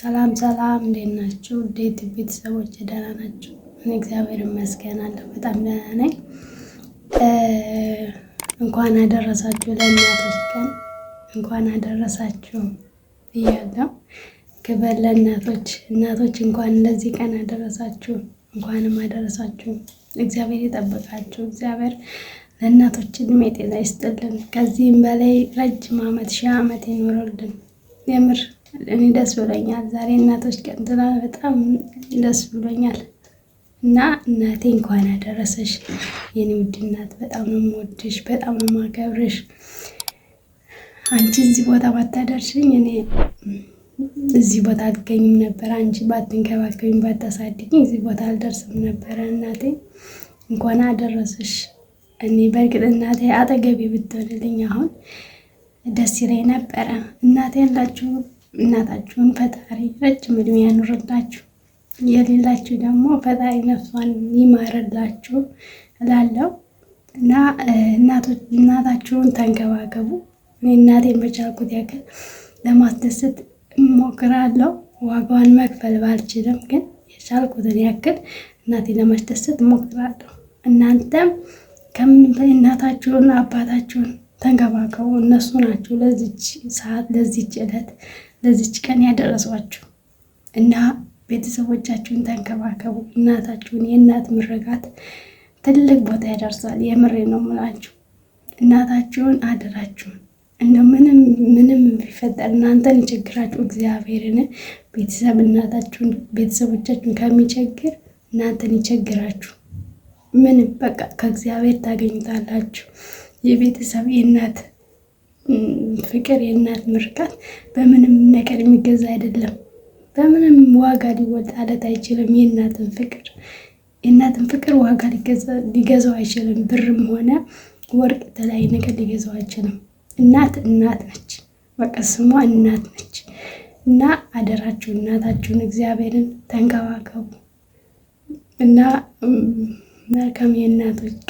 ሰላም ሰላም፣ እንዴት ናችሁ? እንዴት ቤተሰቦች ደህና ናቸው? እኔ እግዚአብሔር ይመስገን አለሁ፣ በጣም ደህና ነኝ። እንኳን አደረሳችሁ ለእናቶች ቀን እንኳን አደረሳችሁ እያለሁ ክበር ለእናቶች። እናቶች እንኳን ለዚህ ቀን አደረሳችሁ፣ እንኳንም አደረሳችሁ። እግዚአብሔር ይጠብቃችሁ። እግዚአብሔር ለእናቶች እድሜ ጤና ይስጥልን፣ ከዚህም በላይ ረጅም ዓመት ሺህ ዓመት ይኖረልን። የምር እኔ ደስ ብሎኛል። ዛሬ እናቶች ቀን በጣም ደስ ብሎኛል እና እናቴ እንኳን ያደረሰሽ የኔ ውድ እናት። በጣም ነው የምወድሽ፣ በጣም ነው የማከብርሽ። አንቺ እዚህ ቦታ ባታደርሽኝ እኔ እዚህ ቦታ አልገኝም ነበረ። አንቺ ባትንከባከቢኝ፣ ባታሳድግኝ እዚህ ቦታ አልደርስም ነበረ። እናቴ እንኳን አደረሰሽ። እኔ በእርግጥ እናቴ አጠገቤ ብትሆንልኝ አሁን ደስ ይለኝ ነበረ። እናቴ ያላችሁ እናታችሁን ፈጣሪ ረጅም እድሜ ያኑርላችሁ፣ የሌላችሁ ደግሞ ፈጣሪ ነፍሷን ይማረላችሁ እላለሁ እና እናታችሁን ተንከባከቡ። እናቴን በቻልኩት ያክል ለማስደሰት እሞክራለሁ። ዋጋዋን መክፈል ባልችልም ግን የቻልኩትን ያክል እናቴን ለማስደሰት እሞክራለሁ። እናንተም ከምን እናታችሁን አባታችሁን ተንከባከቡ። እነሱ ናቸው ለዚች ሰዓት ለዚች ዕለት ለዚች ቀን ያደረሷችሁ እና ቤተሰቦቻችሁን ተንከባከቡ። እናታችሁን የእናት ምርቃት ትልቅ ቦታ ያደርሳል። የምሬ ነው ምላችሁ እናታችሁን አደራችሁን እንደ ምንም ምንም ቢፈጠር እናንተን ይቸግራችሁ እግዚአብሔርን ቤተሰብ እናታችሁን ቤተሰቦቻችሁን ከሚቸግር እናንተን ይቸግራችሁ ምንም በቃ ከእግዚአብሔር ታገኙታላችሁ። የቤተሰብ የእናት ፍቅር የእናት ምርቃት በምንም ነገር የሚገዛ አይደለም። በምንም ዋጋ ሊወጣለት አይችልም። የእናትን ፍቅር የእናትን ፍቅር ዋጋ ሊገዛው አይችልም። ብርም ሆነ ወርቅ፣ የተለያየ ነገር ሊገዛው አይችልም። እናት እናት ነች። በቃ ስሟ እናት ነች። እና አደራችሁ እናታችሁን እግዚአብሔርን ተንከባከቡ እና መልካም የእናቶች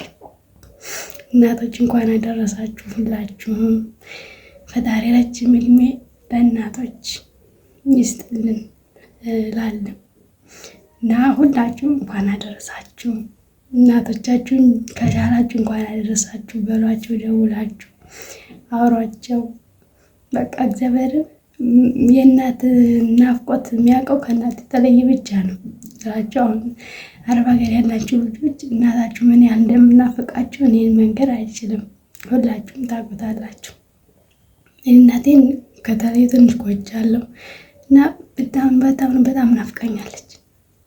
እናቶች እንኳን አደረሳችሁ ሁላችሁም። ፈጣሪ ረጅም እድሜ በእናቶች ይስጥልን ላለ እና ሁላችሁም እንኳን አደረሳችሁ። እናቶቻችሁን ከቻላችሁ እንኳን አደረሳችሁ በሏቸው፣ ደውላችሁ አውሯቸው። በቃ እግዚአብሔር የእናት ናፍቆት የሚያውቀው ከእናት የተለየ ብቻ ነው። ስራቸው አሁን አረብ ሀገር ያላችሁ ልጆች እናታችሁ ምን ያህል እንደምናፈቃችሁ እኔን መንገድ አይችልም። ሁላችሁም ታውቁታላችሁ። እናቴን ከተለየ ትንሽ ቆይቻለሁ እና በጣም በጣም በጣም ናፍቃኛለች።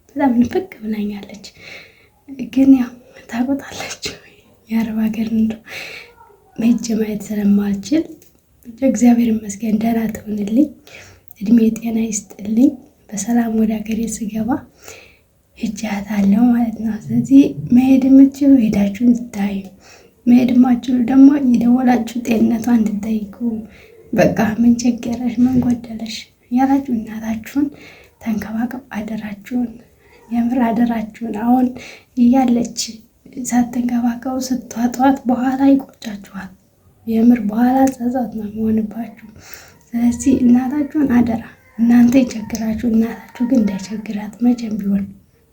በጣም ንፍቅ ብላኛለች። ግን ያው ታውቁታላችሁ የአረብ ሀገር እንዶ መሄጄ ማየት ስለማልችል እግዚአብሔር ይመስገን ደህና ትሆንልኝ፣ እድሜ ጤና ይስጥልኝ። በሰላም ወደ ሀገሬ ስገባ እጃት አለው ማለት ነው። ስለዚህ መሄድ የምችሉ ሄዳችሁ እንድታዩ፣ መሄድ ማችሉ ደግሞ የደወላችሁ ጤንነቷ እንድጠይቁ፣ በቃ ምን ቸገረሽ፣ ምን ጎደለሽ ያላችሁ እናታችሁን ተንከባከብ፣ አደራችሁን፣ የምር አደራችሁን። አሁን እያለች ሳትንከባከቡ ስትዋጧት በኋላ ይቆጫችኋል። የምር በኋላ ጸጸት ነው የሚሆንባችሁ። ስለዚህ እናታችሁን አደራ እናንተ የቸግራችሁ እናታችሁ ግን እንዳይቸግራት መቼም ቢሆን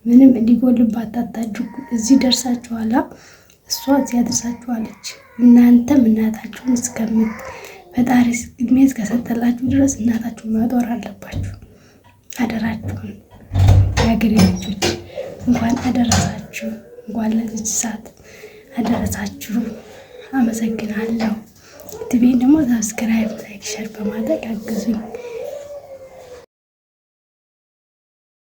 ምንም እንዲጎልባት አታድርጉ። እዚህ ደርሳችኋላ፣ እሷ እዚህ ያደርሳችኋለች። እናንተም እናታችሁን እስከምት ፈጣሪ እድሜ እስከሰጠላችሁ ድረስ እናታችሁን መጦር አለባችሁ። አደራችሁን የሀገሬ ልጆች እንኳን አደረሳችሁ፣ እንኳን ለዚች ሰዓት አደረሳችሁ። አመሰግናለሁ። ትቤን ደግሞ ሰብስክራይብ፣ ላይክ፣ ሸር በማድረግ አግዙኝ።